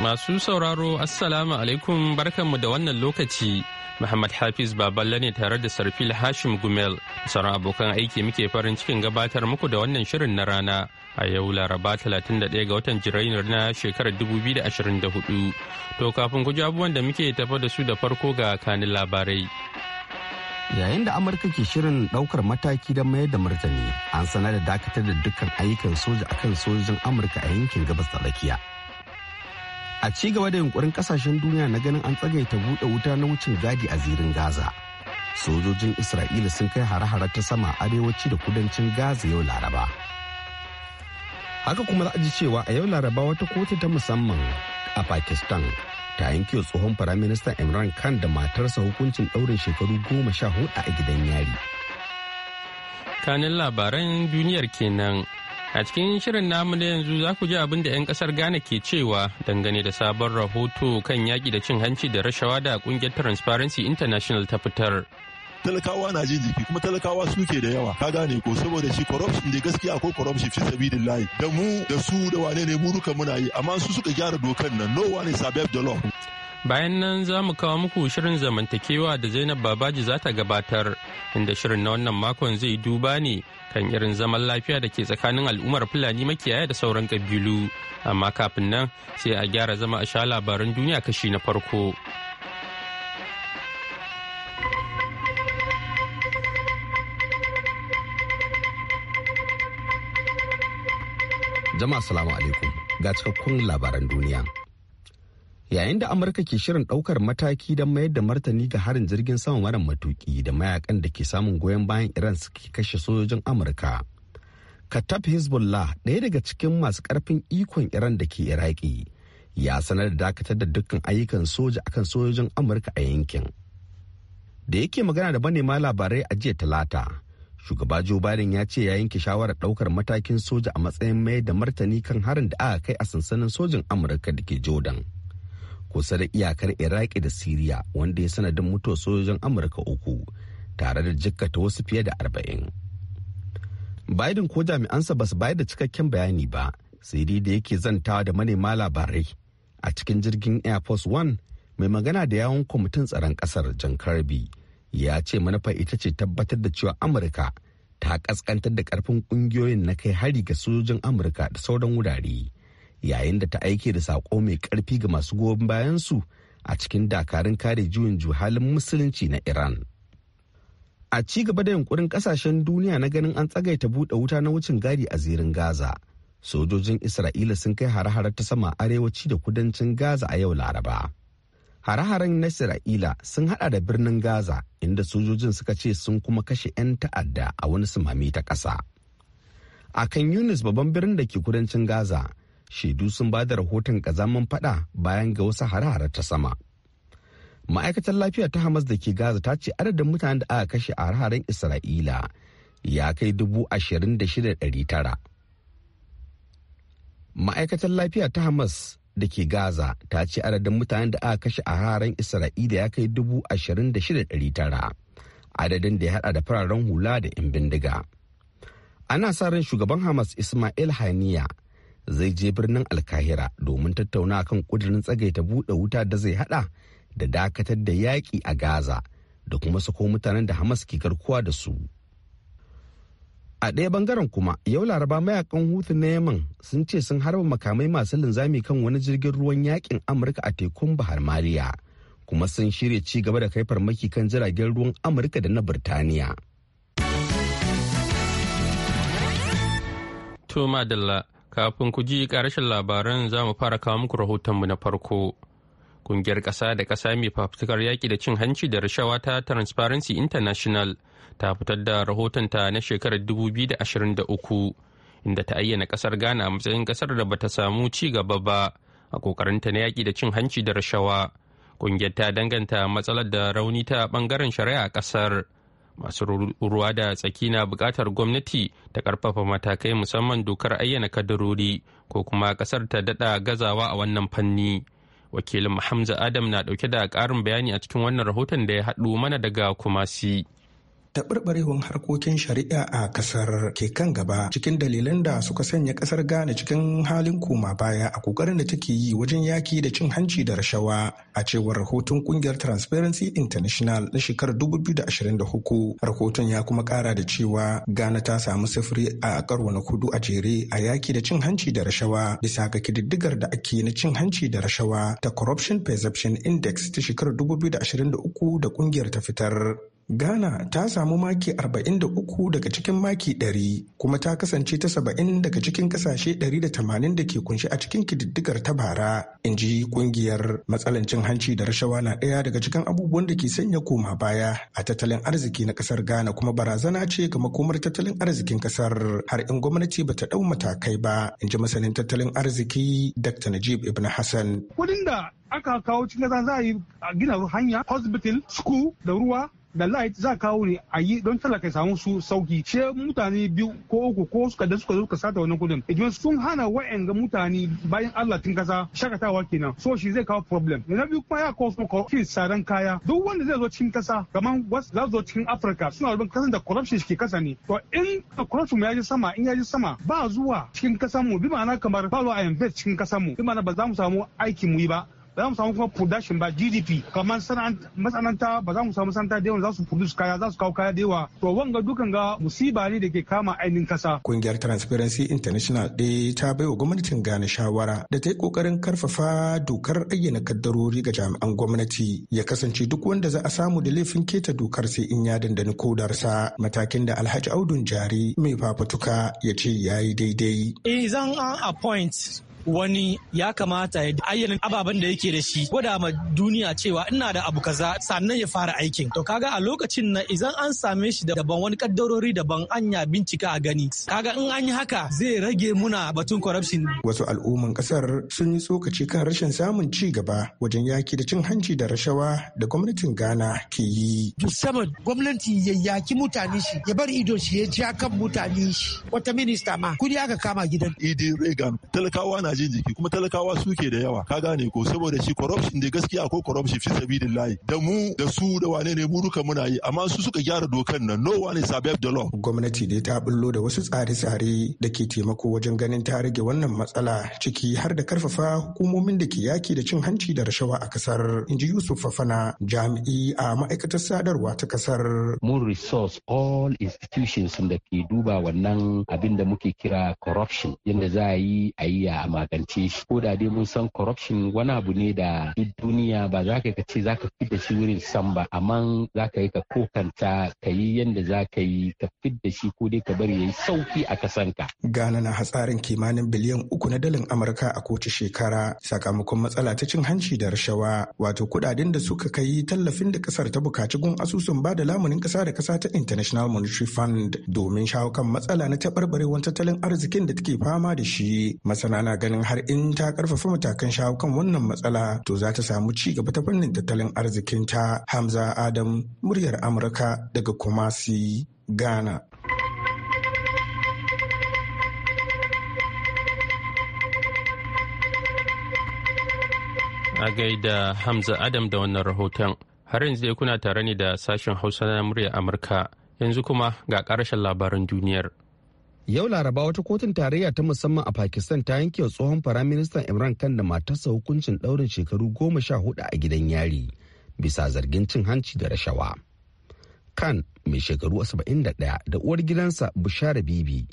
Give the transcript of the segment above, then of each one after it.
Masu sauraro Assalamu alaikum barkanmu da wannan lokaci. Muhammad Hafiz Baballe ne tare da Sarfil Hashim Gumel. Sauran abokan aiki muke farin cikin gabatar muku da wannan shirin na rana a yau Laraba 31 ga watan Jirainar na shekarar 2024. To kafin ku abubuwan da muke tafa da su da farko ga kanin labarai. yayin da amurka ke shirin ɗaukar mataki don mayar da martani an sanar da dakatar da dukkan ayyukan soja akan sojojin amurka a yankin gabas da tsakiya a ci gaba da yunkurin kasashen duniya na ganin an tsagaita buɗe wuta na wucin gadi a zirin gaza sojojin isra'ila sun kai hare-hare ta sama arewaci da kudancin gaza yau laraba haka kuma za a ji cewa a yau laraba wata kotu ta musamman a pakistan ta yanke tsohon firaministan imran khan da matarsa hukuncin ɗaurin shekaru goma sha hudu a gidan yari kanin labaran duniyar kenan A cikin shirin namu na yanzu za ku ji abin da 'yan kasar Ghana ke cewa dangane da sabon rahoto kan yaƙi da cin hanci da rashawa da kungiyar Transparency International ta fitar. talakawa na jin jiki kuma talakawa suke da yawa ka gane ko saboda shi corruption da gaskiya ko corruption fi sabilillahi da mu da su da wane ne mu duka muna yi amma su suka gyara dokan nan no one is above the law Bayan nan za mu kawo muku shirin zamantakewa da Zainab Babaji za ta gabatar, inda shirin na wannan makon zai duba ne kan irin zaman lafiya da ke tsakanin al'ummar Fulani makiyaya da sauran kabilu. Amma kafin nan sai a gyara zama a sha labaran duniya kashi na farko. Jama'a salamu alaikum ga cikakkun labaran duniya. yayin da amurka ke shirin daukar mataki don mayar da martani ga harin jirgin sama mara matuki da mayakan da ke samun goyon bayan iran suke kashe sojojin amurka katab hezbollah ɗaya daga cikin masu karfin ikon iran da ke iraki ya sanar da dakatar da dukkan ayyukan soja akan sojojin amurka a yankin da yake magana da manema labarai a jiya talata shugaba joe biden ya ce ya yanke shawarar daukar matakin soja a matsayin mayar da martani kan harin da aka kai a sansanin sojin amurka da ke jordan kusa da iyakar iraki da siriya wanda ya sanadin mutuwar sojojin amurka uku tare da jikkata wasu fiye da arba'in biden ko jami'ansa ba su bayar da cikakken bayani ba sai dai da yake zantawa da manema labarai a cikin jirgin air force one mai magana da yawon kwamitin tsaron kasar jan karbi ya ce manufa ita ce tabbatar da cewa amurka ta kaskantar da karfin kungiyoyin na kai hari ga sojojin amurka da sauran wurare yayin da ta aike da saƙo mai ƙarfi ga masu goyon bayansu a cikin dakarun kare juyin juhalin musulunci na iran a ci gaba da yunkurin ƙasashen duniya na ganin an tsagaita buɗe wuta na wucin gadi a zirin gaza sojojin isra'ila sun kai hare-hare ta sama arewaci da kudancin gaza a yau laraba hare-haren na isra'ila sun hada da birnin gaza inda sojojin suka ce sun kuma kashe 'yan ta'adda a wani simami ta ƙasa a kan yunis babban birnin da ke kudancin gaza shaidu sun ba da rahoton kazaman fada bayan ga wasu hare-hare ta sama ma'aikatar lafiya ta hamas da ke gaza ta ce adadin mutanen da aka kashe a hare-haren isra'ila ya kai dubu ashirin da shida ɗari tara ma'aikatar lafiya ta hamas da ke gaza ta ce adadin mutanen da aka kashe a hare-haren isra'ila ya kai dubu ashirin da shida ɗari tara adadin da ya hada da fararen hula da 'yan bindiga ana sa ran shugaban hamas ismail haniya zai je birnin alkahira domin tattauna kan kudirin tsagaita buɗe wuta da zai hada da dakatar da yaƙi a gaza da kuma sako mutanen da hamas ke garkuwa da su a ɗaya bangaren kuma yau laraba mayakan hutu na yaman sun ce sun harba makamai masu linzami kan wani jirgin ruwan yakin amurka a tekun bahar mariya kuma sun shirya ci gaba da kai farmaki kan jiragen ruwan amurka da na birtaniya to madalla Kafin ku ji ƙarashin labaran za mu fara kawo muku rahotonmu na farko. Kungiyar ƙasa da ƙasa mai fafutukar yaƙi da cin hanci da rashawa ta Transparency International ta fitar da rahotonta na shekarar 2023 inda ta ayyana ƙasar Ghana a matsayin ƙasar da bata samu ci gaba ba a ƙoƙarinta na yaƙi da cin hanci da rashawa. Kungiyar ta danganta matsalar da rauni ta ɓangaren shari'a a ƙasar. masu ruwa da tsaki na bukatar gwamnati ta karfafa matakai musamman dokar ayyana kadarori ko kuma kasar ta dada gazawa a wannan fanni wakilin hamza adam na dauke da karin bayani a cikin wannan rahoton da ya haɗu mana daga kumasi. taɓarɓarewar harkokin shari'a a ƙasar ke kan gaba cikin dalilan da suka sanya ƙasar Ghana cikin halin koma baya a ƙoƙarin da take yi wajen yaki da cin hanci da rashawa a cewar rahoton ƙungiyar Transparency International na shekarar 2023. Rahoton ya kuma ƙara da cewa Ghana ta samu sifiri a karo na kudu a jere a yaki da cin hanci da rashawa bisa ga kididdigar da ake na cin hanci da rashawa ta Corruption Perception Index ta shekarar 2023 da ƙungiyar ta fitar. Ghana ta samu maki 43 daga cikin maki 100 kuma ta kasance ta 70 daga cikin kasashe 180 da ke kunshi a cikin kididdigar ta bara, in ji kungiyar matsalancin hanci da rashawa na daya daga cikin abubuwan da ke sanya koma baya a tattalin arziki na kasar Ghana kuma barazana ce ga makomar tattalin arzikin kasar har in gwamnati bata ɗau matakai ba, in ji masanin tattalin arziki Dr. Najib Ibn Hassan. Kudin da aka kawo cikin za a yi gina hanya, hospital, school da ruwa da light za kawo ne a yi don talaka samu su sauki ce mutane biyu ko uku ko suka da suka zo suka sata wannan kudin idan sun hana ga mutane bayan Allah tun kasa shakatawa kenan so shi zai kawo problem na biyu kuma ya kawo corruption tsaron kaya duk wanda zai zo cikin kasa kamar wasu za zo cikin Afirka suna rubin kasan da corruption ke kasa ne to in corruption ya ji sama in ya ji sama ba zuwa cikin kasan mu bi ma'ana kamar ba zuwa a invest cikin kasan mu bi ma'ana ba za mu samu aikin mu yi ba ba za mu samu kuma production ba GDP kamar masana'anta ba za mu samu sanata da yawa za su produce kaya za su kawo kaya da yawa to wanga dukan ga musiba ne da ke kama ainihin kasa. Kungiyar Transparency International ɗaya ta bai wa gwamnatin gane shawara da ta yi ƙoƙarin karfafa dokar ayyana kaddarori ga jami'an gwamnati ya kasance duk wanda za a samu da laifin keta dokar sai in ya dandani kodarsa matakin da Alhaji Audun Jari mai fafatuka ya ce ya yi daidai. Eh, zan an appoint wani ya kamata ya ayyana ababen da yake da shi gwada ma duniya cewa ina da abu kaza sannan ya fara aikin to kaga a lokacin na idan an same shi da daban wani kaddarori daban anya bincika a gani kaga in an yi haka zai rage muna batun corruption wasu al'umman kasar sun yi tsokaci kan rashin samun ci gaba wajen yaki da cin hanci da rashawa da gwamnatin Ghana ke yi musamman gwamnati ya yaki mutane shi ya bar ido shi ya ja kan mutane shi wata minista ma kudi aka kama gidan idi regan talakawa na yana jin jiki kuma talakawa suke da yawa ka gane ko saboda shi corruption da gaskiya ko corruption fi sabilillahi da mu da su da wane ne mu duka muna yi amma su suka gyara dokan nan no one is above the law gwamnati dai ta bullo da wasu tsare-tsare da ke taimako wajen ganin ta rage wannan matsala ciki har da karfafa hukumomin da ke yaki da cin hanci da rashawa a kasar inji yusuf fafana jami'i a ma'aikatar sadarwa ta kasar mun resource all institutions da ke duba wannan abin da muke kira corruption yadda za a yi a yi a magance shi ko da dai mun san corruption wani abu ne da duk duniya ba za ka ce za ka da shi wurin san ba amma za ka yi ka kokanta ka yi yadda za ka yi ka fidda shi ko dai ka bari ya yi sauki a kasanka. Ghana na hatsarin kimanin biliyan uku na dalin Amurka a kotu shekara sakamakon matsala ta cin hanci da rashawa wato kudaden da suka kai tallafin da kasar ta bukaci gun asusun ba da lamunin kasa da kasa ta International Monetary Fund domin shawo kan matsala na taɓarɓarewar tattalin arzikin da take fama da shi masana na ganin ganin har in ta karfafa matakan shawo kan wannan matsala to za ta samu ci gaba ta fannin tattalin arzikin ta hamza adam muryar amurka daga kumasi ghana a gaida hamza adam da wannan rahoton har yanzu dai kuna tare ne da sashen hausa na muryar amurka yanzu kuma ga ƙarshen labaran duniyar yau laraba wata kotun tarayya ta musamman a pakistan ta yanke tsohon firaministan imran kan da matarsa hukuncin ɗaurin shekaru goma sha hudu a gidan yari bisa zargin cin hanci da rashawa kan mai shekaru 71 da uwar gidansa bushara bibi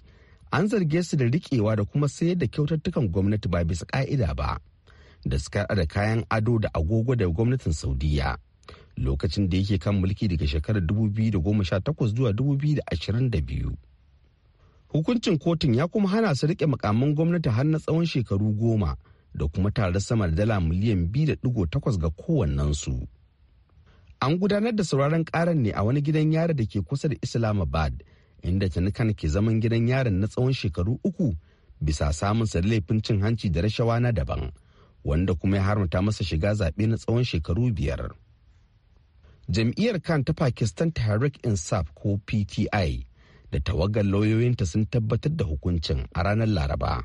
an zarge su da rikewa da kuma sayar da kyautattukan gwamnati ba bisa ka'ida ba da suka da kayan ado da agogo da gwamnatin saudiyya lokacin da yake kan mulki daga shekarar 2018 zuwa 2022 hukuncin kotun ya kuma hana su rike makamin gwamnati har na tsawon shekaru goma da kuma tare sama da dala miliyan 2.8 ga kowannensu an gudanar da sauraron karan ne a wani gidan yari da ke kusa da islamabad inda tanikan ke zaman gidan yarin na tsawon shekaru uku bisa samun da laifin cin hanci da rashawa na daban wanda kuma ya haramta masa shiga zaɓe na tsawon shekaru biyar jam'iyyar kan ta pakistan tehrik insaf ko pti da tawagar lauyoyinta sun tabbatar da hukuncin a ranar laraba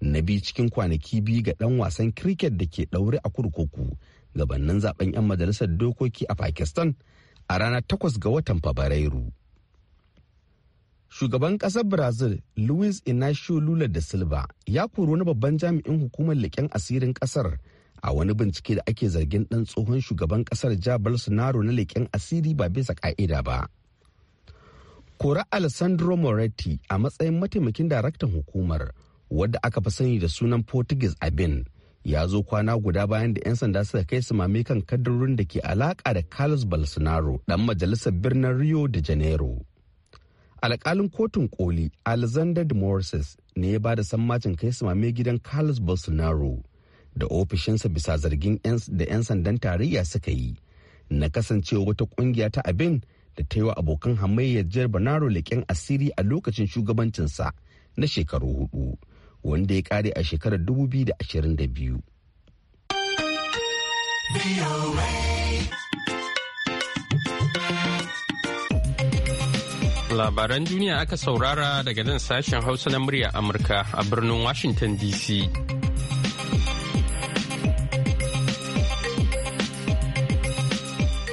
na biyu cikin kwanaki biyu ga ɗan wasan cricket da ke ɗaure a kurkuku gabanin zaben 'yan majalisar dokoki a pakistan a ranar takwas ga watan fabrairu shugaban ƙasar brazil luis inacio lula da silva ya kori wani babban jami'in hukumar leƙen asirin ƙasar a wani bincike da ake zargin ɗan tsohon shugaban ƙasar ja bolsonaro na leƙen asiri ba bisa ƙa'ida ba kora alessandro moretti a matsayin mataimakin daraktan hukumar wadda aka fi sani da sunan portuguese abin ya zo kwana guda bayan da 'yan sanda suka kai su mame kan kadarorin da ke alaka da carlos bolsonaro dan majalisar birnin rio de janeiro alkalin kotun koli alexander de morses ne ya bada da sammacin kai su mame gidan carlos bolsonaro da ofishinsa bisa zargin da 'yan sandan tarayya suka yi na kasancewa wata kungiya ta abin da ta yi wa abokan hamayyar jihar banaro leƙen asiri a lokacin shugabancinsa na shekaru hudu wanda ya kare a shekarar da biyu. Labaran duniya aka saurara daga nan sashen Hausa na murya Amurka a birnin Washington DC.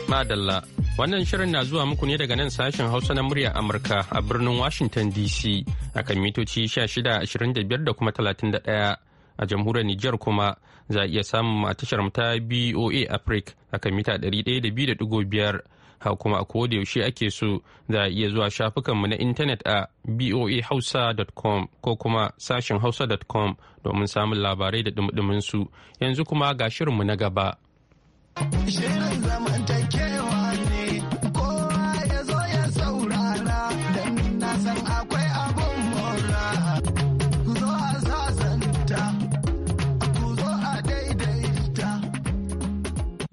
Madalla Wannan shirin na zuwa muku ne daga nan sashen Hausa na muryar Amurka a birnin Washington DC a kan mitoci 1625 da kuma 31 a jamhuriyar Nijar kuma za a iya samun a tashar ta BOA Africa a kan mita 102.5 ha kuma a koda yaushe ake so za a iya zuwa shafukanmu na intanet a boahausa.com ko kuma sashen hausa.com domin samun labarai da dumudumin su yanzu kuma ga shirinmu na gaba.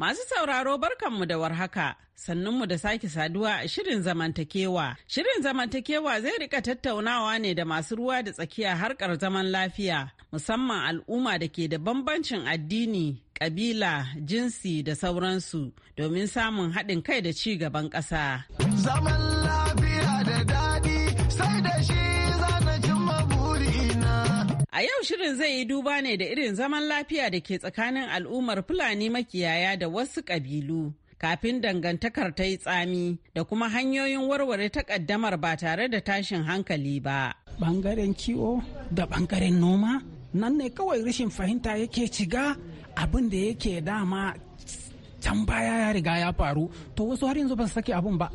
Masu sauraro barkanmu da warhaka, sannunmu da sake saduwa a shirin zamantakewa. Shirin zamantakewa zai rika tattaunawa ne da masu ruwa da tsakiya harkar zaman lafiya, musamman al'umma da ke da bambancin addini, ƙabila jinsi da sauransu, domin samun haɗin kai da ci gaban ƙasa. Zaman A yau shirin zai yi duba ne da irin zaman lafiya da ke tsakanin al'ummar Fulani makiyaya da wasu ƙabilu. Kafin dangantakar ta yi tsami da kuma hanyoyin warware takaddamar ba tare da tashin hankali ba. Bangaren kiwo da bangaren noma, nan ne kawai rashin fahimta yake ciga abin da yake dama can baya ya riga ya faru to wasu har yanzu ba su sake abin ba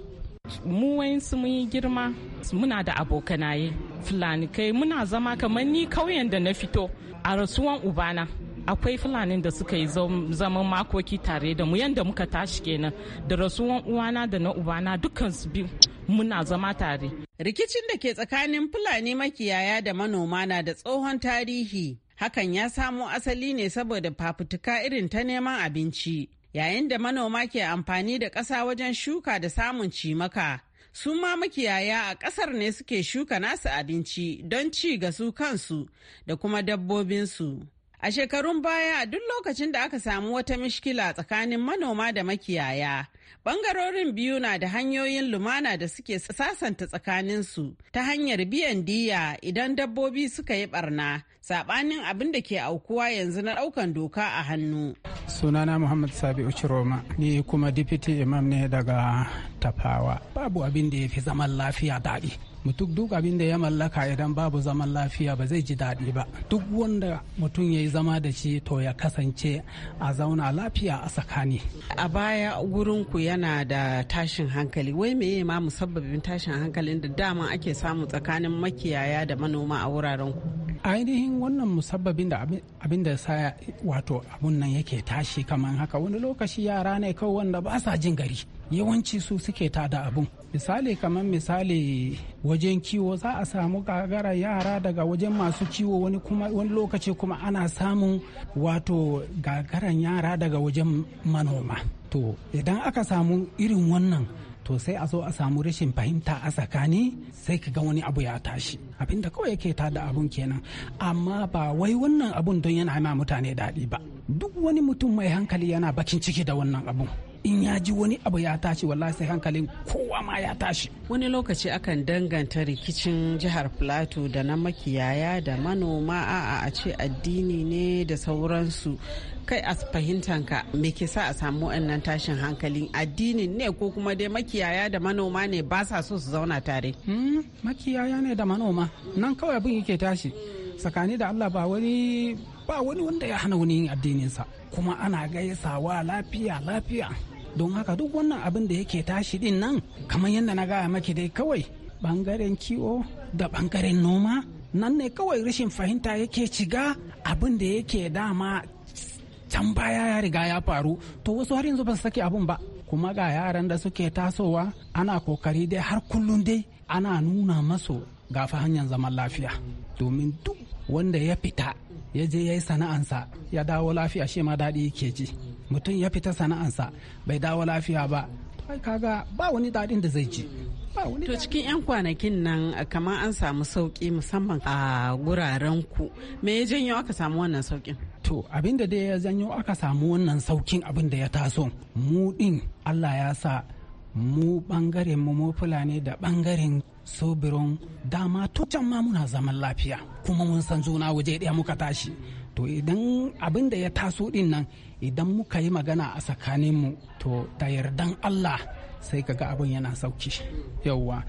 mu wayansu mun yi girma muna da abokanaye fulani kai muna zama kamar ni kauyen da na fito a rasuwan ubana akwai fulani da suka yi zaman makoki tare da mu yadda muka tashi kenan da rasuwan uwana da na ubana dukkan su biyu muna zama tare rikicin da ke tsakanin fulani makiyaya da manoma na da tsohon tarihi hakan ya samo asali ne saboda fafutuka irin ta neman abinci Yayin da manoma ke amfani da ƙasa wajen shuka da samun cimaka, su ma makiyaya a ƙasar ne suke shuka nasu abinci don ci ga su kansu da kuma dabbobinsu. A shekarun baya duk lokacin da aka samu wata mishkila tsakanin manoma da makiyaya, bangarorin biyu na da hanyoyin lumana da suke sasanta tsakaninsu ta hanyar biyan diya idan dabbobi suka yi ɓarna. sabanin abin da ke aukuwa yanzu na daukan doka a hannu. Sunana Muhammad Sabi Uchiroma ni kuma Deputy Imam ne daga Tafawa. Babu abin da ya fi zaman lafiya daɗi. mutum duk abin da ya mallaka idan babu zaman lafiya ba zai ji daɗi ba duk wanda mutum ya yi zama da shi to ya kasance a zauna lafiya a tsakani a baya wurinku yana da tashin hankali wai meye ma musabbabin tashin hankalin da dama ake samu tsakanin makiyaya da manoma a wuraren ku ainihin wannan musabbabin da abin da sa wato abun nan yake tashi kamar haka wani lokaci yara ne kawai wanda ba sa jin gari yawanci su suke tada abun misali kamar misali wajen kiwo za a samu gagara yara daga wajen masu kiwo wani kuma wani lokaci kuma ana samun wato gagaran yara daga wajen manoma to idan aka samu irin wannan to sai a zo a samu rashin fahimta a tsakani sai ka ga wani abu ya tashi abinda kawai yake tada abun kenan amma ba wai wannan abun don yana a mutane daɗi ba duk wani mutum mai hankali yana bakin ciki da wannan abun in ya ji wani abu ya tashi wallahi sai hankalin kowa ma ya tashi wani lokaci akan danganta rikicin jihar plateau da na makiyaya da manoma a'a a ce addini ne da sauransu kai a fahimtanka me ke sa a samu wannan tashin hankalin addini ne ko kuma dai makiyaya da manoma ne ba sa so su zauna tare hmm, makiyaya ne da manoma nan kawai abin yake tashi tsakani da allah ba wani ba wani wanda ya hana wani yin addininsa kuma ana gaisawa lafiya lafiya don haka duk wannan abin da yake tashi din nan kamar yadda na gaya maki dai kawai bangaren kiwo da bangaren noma nan ne kawai rashin fahimta yake shiga abin da yake dama can baya ya riga ya faru to wasu har yanzu ba su sake abin ba kuma ga yaran da suke tasowa ana kokari dai har kullum dai ana nuna masu gafa hanyar zaman lafiya domin duk wanda ya fita ya je ya yi sana'ansa ya dawo lafiya shi ma daɗi yake ji mutum ya fita sana'ansa bai dawo lafiya ba kaga ba wani daɗin da zai ji To cikin 'yan kwanakin nan kamar an samu sauki musamman a guraren ku me ya janyo aka samu wannan saukin? To abin da ya janyo aka samu wannan saukin abin da ya taso mu din Allah ya sa mu bangaren mu mu fulani da bangaren sobirin dama tucan ma muna zaman lafiya kuma mun san juna waje ɗaya muka tashi to idan abin da ya taso ɗin nan idan muka yi magana a tsakanin mu to ta yardan allah sai ka ga abin yana sauki yauwa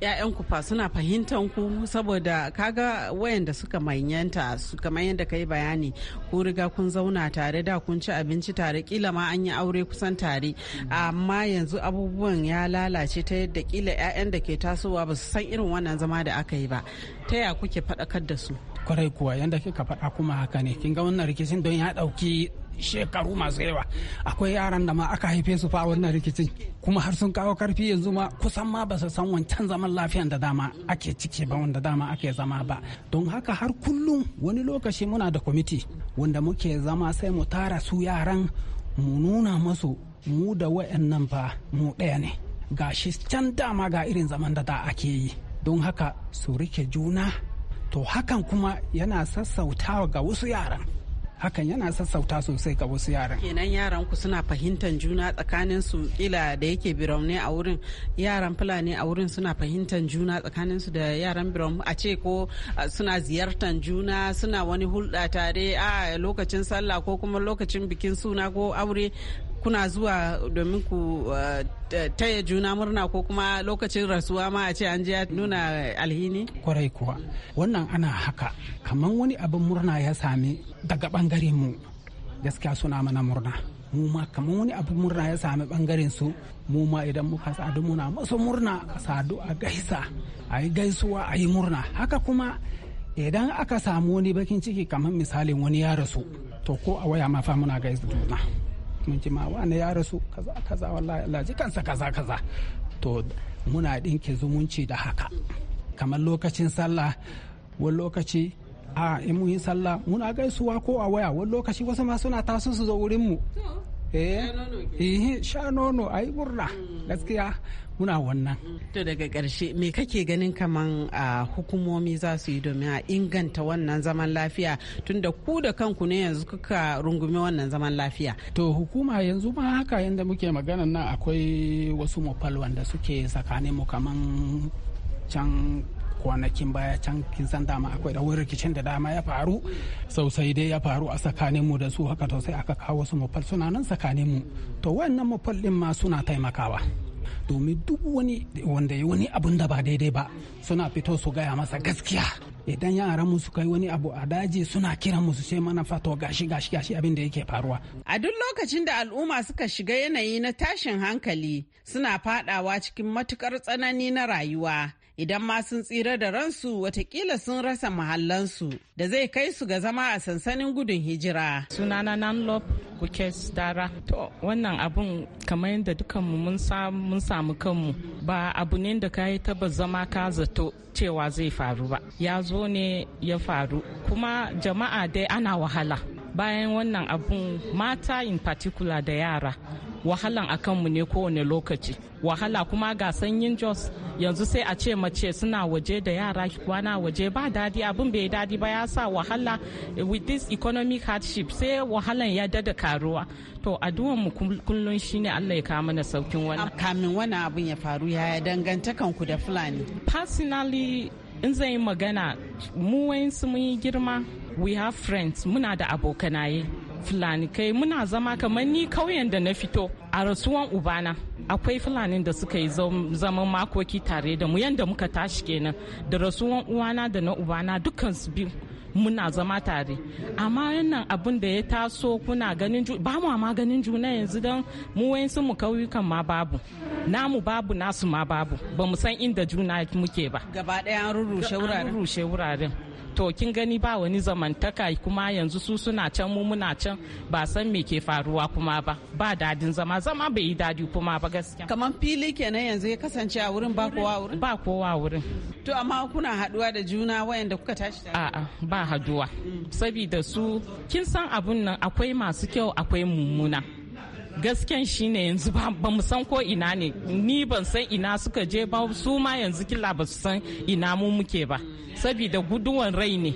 'ya'yanku fa suna fahimtan ku saboda kaga wayanda suka manyanta su kamar yadda yi bayani ku riga kun zauna tare da kun ci abinci tare kila ma an yi aure kusan tare amma yanzu abubuwan ya lalace ta yadda kila 'ya'yan da ke tasowa ba su san irin wannan zama da aka yi ba ta ya kuke faɗakar da su kwarai kuwa yadda kika faɗa kuma haka ne kin ga wannan rikicin don ya ɗauki shekaru masu yawa akwai yaran da ma aka haife su fa wannan rikicin kuma har sun kawo karfi yanzu ma kusan ma ba su san wancan zaman lafiyan da dama ake ciki ba wanda dama ake zama ba don haka har kullum wani lokaci muna da kwamiti wanda muke zama sai mu tara su yaran mu nuna masu mu da wayannan fa mu ɗaya ne ga shi can dama ga irin zaman da da ake yi don haka su rike juna to hakan kuma yana sassautawa ga wasu yaran hakan yana sassauta sosai ga wasu yaran kenan yaran ku suna fahimtar juna tsakanin su kila da yake a wurin yaran fulani a wurin suna fahimtar juna tsakanin su da yaran biraune a ce ko suna ziyartar juna suna wani hulɗa tare a lokacin sallah ko kuma lokacin bikin suna ko aure kuna zuwa domin ku uh, taya juna murna ko kuma lokacin rasuwa ma a ce an je nuna alhini? Kwarai kuwa. Wannan ana haka, kamar wani abin murna ya sami daga bangare mu gaskiya suna mana murna. mu ma kamar wani abu murna ya sami bangaren su mu ma idan muka sadu muna masu murna a sadu a gaisa a yi gaisuwa a yi murna haka kuma idan aka samu wani bakin ciki kamar misalin wani ya rasu to ko a waya ma fa muna gaisa juna mun ji ma wani ya rasu kaza kaza wallahi Allah ji kansa kaza kaza to muna dinke zumunci da haka kamar lokacin sallah wani lokaci a in mun yi sallah muna gaisuwa ko a waya wani lokaci wasu ma suna taso su zo wurin mu eh sha nono burna eh, mm. gaskiya muna wannan. Mm, to daga ƙarshe me kake ganin kaman a hukumomi za su yi domin a inganta wannan zaman lafiya tunda ku da kanku ne yanzu kuka rungumi wannan zaman lafiya. To hukuma yanzu ma haka yadda muke magana nan akwai wasu mafal wanda suke tsakanin mu kaman can kwanakin baya can kin san dama akwai da rikicin da dama ya faru sosai dai ya faru a tsakanin mu da su haka to sai aka kawo wasu mafal suna nan tsakanin mu to wannan mafal din ma suna taimakawa domin duk wani wanda ya wani abun da ba daidai ba suna fito su gaya masa gaskiya idan yaran mu su kai wani abu a daji suna kiran musu sai mana fato gashi gashi gashi abin da yake faruwa a duk lokacin da al'umma suka shiga yanayi na tashin hankali suna fadawa cikin matukar tsanani na rayuwa idan ma sun tsira da ransu watakila sun rasa mahallansu da zai kai su ga zama a sansanin gudun hijira. Sunana Nanlop Bukes Dara. To wannan abun kamar yadda dukanmu mun samu kanmu ba abu ne da ka yi taba zama ka zato cewa zai faru ba. Ya zo ne ya faru kuma jama'a dai ana wahala. bayan wannan abun mata in particular da yara wahalan a kanmu ne kowane lokaci wahala kuma ga sanyin jos yanzu sai a ce mace suna waje da yara kwana waje ba dadi abin bai dadi ba ya sa wahala with this economic hardship sai wahalan ya dada karuwa to addu'an mu kullun shine Allah ya kawo mana saukin wannan kamin wannan abin ya faru ya dangantakan ku da fulani personally in zan yi magana mu wayansu mun yi girma we have friends muna da abokanaye fulani kai muna zama kamar ni kauyen da na fito a rasuwan ubana akwai fulanin da suka yi zaman makoki tare da mu yadda muka tashi kenan da rasuwan uwana da na ubana dukkan su biyu muna zama tare amma yannan abin da ya taso kuna ganin ba mu ma ganin juna yanzu don mu wayansu mu kauyukan ma babu namu babu nasu ma babu ba mu san inda juna muke ba gaba daya an rurrushe wuraren to kin gani ba wani zamantaka kuma yanzu su suna can mu muna can ba san me ke faruwa kuma ba ba dadin zama zama bai yi dadi kuma ba gaskiya kamar fili kenan yanzu ya kasance a wurin ba kowa wurin ba kowa wurin to amma kuna haduwa da juna wayanda kuka tashi a ba haduwa saboda su kin san abun nan akwai masu kyau akwai mummuna gasken shine yanzu ba mu san ko ina ne ni ban san ina suka je ba su ma yanzu kila ba su san ina mu muke ba saboda guduwan rai ne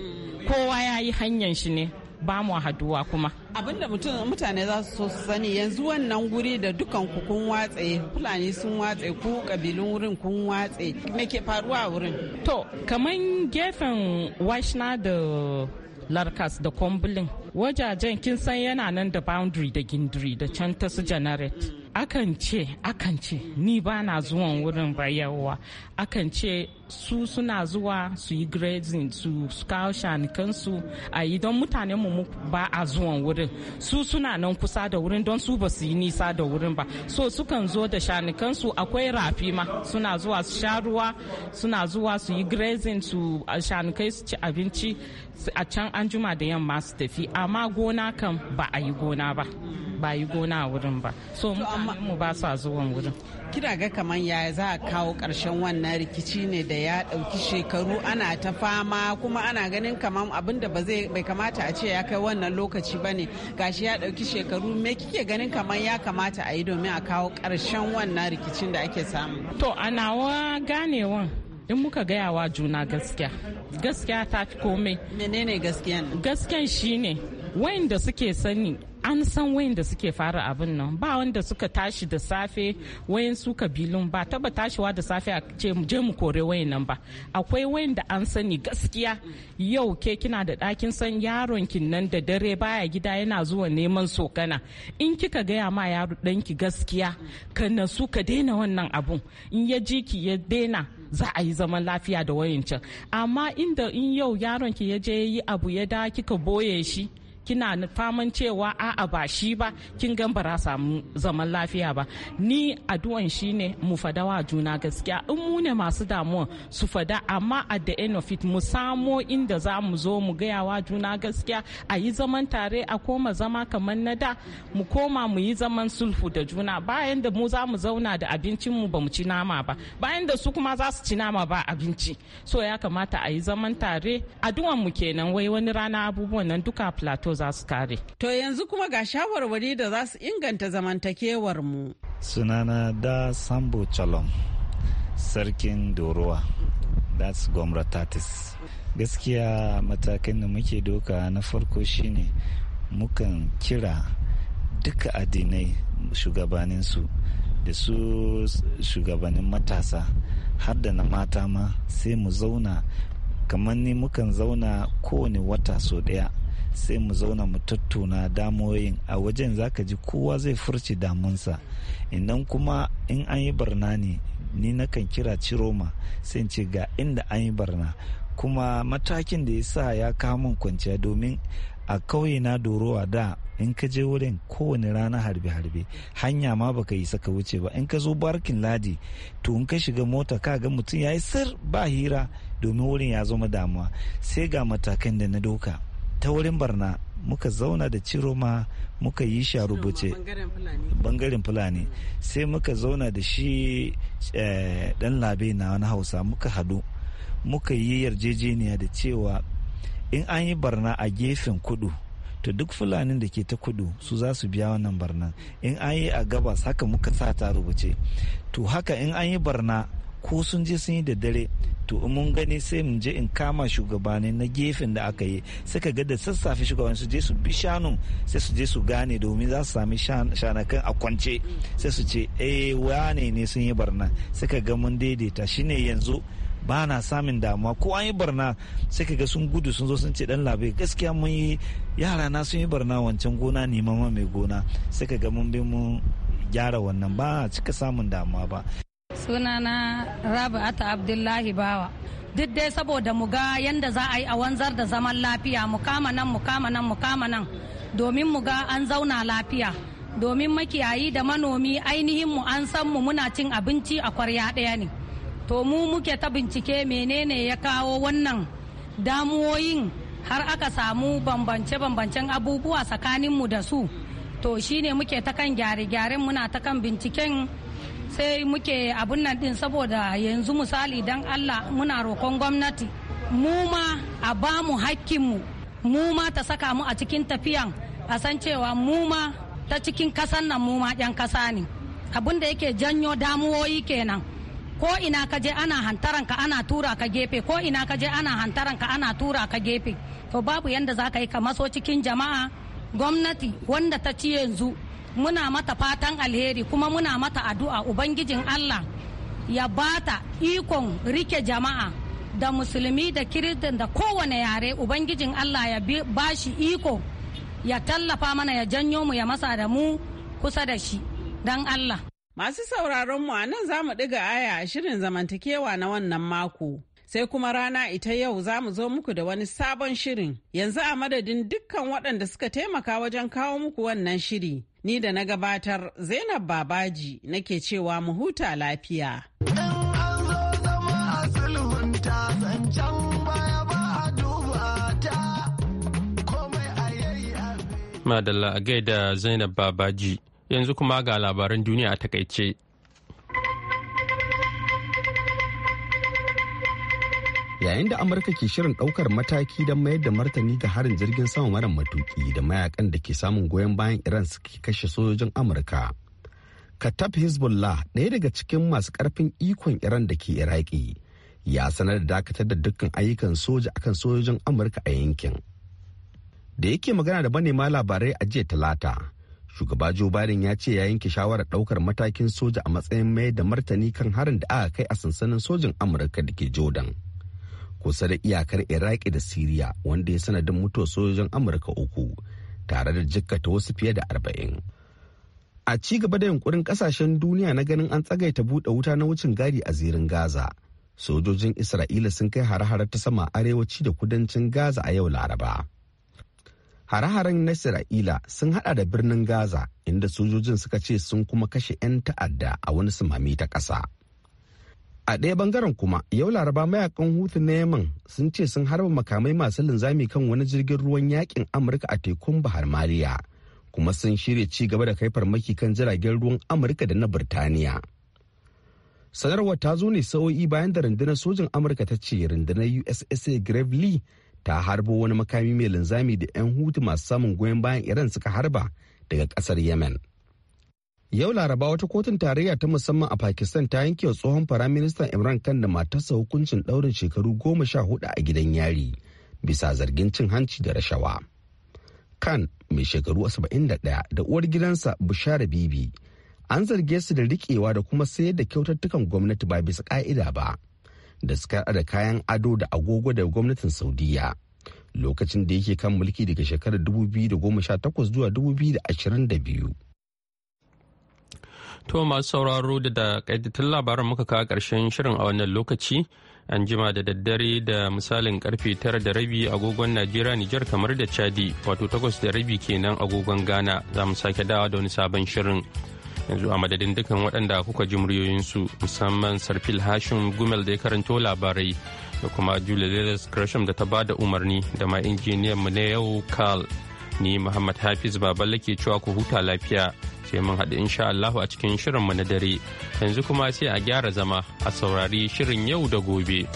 kowa ya yi hanyar shi ne ba mu haduwa kuma abinda mutane za su sani yanzu wannan guri da dukan ku kun watse fulani sun watse ku kabilun wurin kun watse me ke faruwa wurin to kaman gefen washna da larkas da kwambulin wajajen kin san yana nan da boundary da gindiri da can ta su generate akan ce akan ce ni ba na zuwan wurin bayarwa akan ce su suna zuwa su yi grazing su kawo kansu a yi don mutane mu ba a zuwan wurin su suna nan kusa da wurin don su ba su yi nisa da wurin ba so sukan zo da shanikansu akwai rafi ma suna zuwa su sha ruwa suna zuwa su yi grazing su shanikai su ci abinci a can an juma da yamma su tafi amma gona kan ba a yi gona ba ba yi gona a wurin ba so mu ba sa zuwan wurin kina ga kamar ya za a kawo ƙarshen wannan rikici ne da ya ɗauki shekaru ana ta fama kuma ana ganin kamar abin da bai kamata a ce ya kai wannan lokaci ba ne gashi ya ɗauki shekaru me kike ganin kamar ya kamata a yi domin a kawo ƙarshen wannan rikicin da ake samu to a nawa ganewan in muka gaya wa juna gaskiya gaskiya ta fi komai menene gaskiyan gaskiyan shine wayanda suke sani an san wayanda suke fara abin nan ba wanda suka tashi da safe wayan su kabilun ba taba tashiwa da safe a je mu kore wayan nan ba akwai wayanda an sani gaskiya yau ke kina da ɗakin san yaron kin nan da dare baya gida yana zuwa neman sokana in kika gaya ma yaro ɗanki gaskiya ka nasu ka daina wannan abun in ya ji ki ya daina za a yi zaman lafiya da wayancin amma inda in yau yaron ki ya je yi abu ya da kika boye shi kina faman cewa a'a ba shi ba kin gan bara samu zaman lafiya ba ni addu'an shine mu fada wa juna gaskiya in mu ne masu damuwa su fada amma a da end of mu samo inda za mu zo mu gaya wa juna gaskiya a yi zaman tare a koma zama kamar na da mu koma mu yi zaman sulhu da juna bayan da mu za mu zauna da abincin mu ba mu ci nama ba bayan da su kuma za su ci nama ba abinci so ya kamata a yi zaman tare addu'an mu kenan wai wani rana abubuwan nan duka plateau to za su kare. To yanzu kuma ga shawarwari da za su inganta zamantakewar mu. Sunana da Sambo Chalom, Sarkin Doruwa, that's Gomratatis. Gaskiya matakan da muke doka na farko shine mukan kira duka addinai shugabaninsu da su shugabannin matasa har da na mata ma sai mu zauna kamar ni mukan zauna kowane wata so daya sai mu zauna mu tattuna damoyin a wajen zaka ji kowa zai furci damunsa idan kuma in an yi barna ne ni nakan kira ciroma sai ce ga inda an yi barna kuma matakin da ya sa ya kamun kwanciya domin a kauye na dorowa da in ka je wurin kowane rana harbe-harbe hanya ma baka yi saka wuce ba in ka zo barkin ladi to in ka shiga mota ka ga mutum ya yi sir ba hira domin wurin ya zama damuwa sai ga matakan da na doka ta wurin barna muka zauna da ciroma muka yi shi rubuce bangaren fulani mm. sai muka zauna da shi dan eh, labe na wani hausa muka hadu muka yi yarjejeniya da cewa in an yi barna a gefen kudu to duk fulanin da ke ta kudu su za su biya wannan barna in an yi a gabas haka muka sa ta rubuce to haka in an yi barna ko sun je sun yi da dare to mun gani sai mun je in kama shugabanni na gefen da aka yi ka ga da sassafe shugabanni su je su bi shanun sai su je su gane domin za su sami shanakan a kwance sai su ce eh wane ne sun yi barna ka ga mun daidaita shine yanzu ba na samun damuwa ko an yi barna sai ka ga sun gudu sun zo sun ce dan labe gaskiya mun yi yara na sun yi barna wancan gona neman mai gona sai ka ga mun bi mun gyara wannan ba a cika samun damuwa ba sunana ata abdullahi bawa duk dai saboda mu ga yadda za a yi a wanzar da zaman lafiya mu kama nan mu kama nan mu kama nan domin mu ga an zauna lafiya domin makiyayi da manomi ainihin mu an san mu muna cin abinci a kwarya ɗaya ne to mu muke ta bincike menene ya kawo wannan damuwoyin har aka samu bambance-bambancen abubuwa tsakanin mu da su to shine muke ta kan gyare-gyaren muna ta kan binciken sai muke abun nan din saboda yanzu misali dan allah muna roƙon gwamnati mu ma a ba mu hakkinmu mu ma ta saka mu a cikin tafiyan a san cewa mu ma ta cikin kasan nan mu ma 'yan kasa ne abun da yake janyo damuwoyi kenan ko ina ka je ana hantaran ka ana tura ka gefe ko ina ka je ana hantaran ka ana tura ka gefe to babu yanda za ka yi ka maso cikin jama'a gwamnati wanda ta ci yanzu muna mata fatan alheri kuma muna mata addu'a ubangijin allah ya bata ikon rike jama'a da musulmi da kiristan da kowane yare ubangijin allah ya ba shi iko ya tallafa mana ya janyo mu ya masa da mu kusa da shi don allah masu sauraron mu a nan za mu ɗiga aya a shirin zamantakewa na wannan mako sai kuma rana ita yau za mu zo muku da wani sabon shirin yanzu a madadin dukkan waɗanda suka taimaka wajen kawo muku wannan shiri Ni da na gabatar Zainab Babaji nake cewa mu huta lafiya. Madalla a gaida Zainab Babaji yanzu kuma ga labaran duniya a takaice. yayin da amurka ke shirin daukar mataki don mayar da martani ga harin jirgin sama mara matuki da mayakan da ke samun goyon bayan iran suke kashe sojojin amurka katab hezbollah ɗaya daga cikin masu karfin ikon iran da ke iraki ya sanar da dakatar da dukkan ayyukan soja akan sojojin amurka a yankin da yake magana da manema labarai a jiya talata shugaba joe biden ya ce ya yanke shawarar daukar matakin soja a matsayin mayar da martani kan harin da aka kai a sansanin sojin amurka da ke jordan kusa da iyakar iraki da siriya wanda ya sanadin mutuwar sojojin amurka uku tare da jikkata wasu fiye da arba'in a ci gaba da yunkurin kasashen duniya na ganin an tsagaita buɗe wuta na wucin gadi a zirin gaza sojojin isra'ila sun kai hare-hare ta sama arewaci da kudancin gaza a yau laraba hare-haren na isra'ila sun hada da birnin gaza inda sojojin suka ce sun kuma kashe 'yan ta'adda a wani sumami ta ƙasa. a ɗaya bangaren kuma yau laraba mayakan hutu na yaman sun ce sun harba makamai masu linzami kan wani jirgin ruwan yakin amurka a tekun bahar maliya kuma sun shirya ci gaba da kai farmaki kan jiragen ruwan amurka da na birtaniya sanarwar ta zo ne sa'o'i bayan da rundunar sojin amurka ta ce rundunar ussa gravely ta harbo wani makami mai linzami da 'yan hutu masu samun goyon bayan iran suka harba daga kasar yemen Yau Laraba wata kotun tarayya ta musamman a Pakistan ta yanke wa tsohon firaministan Imran Khan da matarsa hukuncin ɗaurin shekaru goma sha hudu a gidan yari bisa zargin cin hanci da rashawa. Khan mai shekaru 71 da uwar gidansa Bushara Bibi an zarge su da riƙewa da kuma sayar da kyautattukan gwamnati ba bisa ƙa'ida ba da suka da kayan ado da agogo da gwamnatin saudiyya lokacin da yake kan mulki daga shekarar 2018 zuwa 2022. To masu sauraro da da kaitattun labaran muka kawo ƙarshen shirin a wannan lokaci an jima da daddare da misalin karfe tara da rabi agogon Najeriya Nijar kamar da Chadi wato takwas da rabi kenan agogon Ghana za mu sake dawa da wani sabon shirin. yanzu a madadin dukan waɗanda kuka ji muryoyinsu musamman sarfil hashim gumel da ya karanto labarai da kuma julia lewis gresham da ta ba da umarni da ma injiniyan mu na yau carl ni muhammad hafiz Babalake ke cewa ku huta lafiya sai mun haɗu insha Allahu a cikin shirinmu na dare yanzu kuma sai a gyara zama a saurari shirin yau da gobe.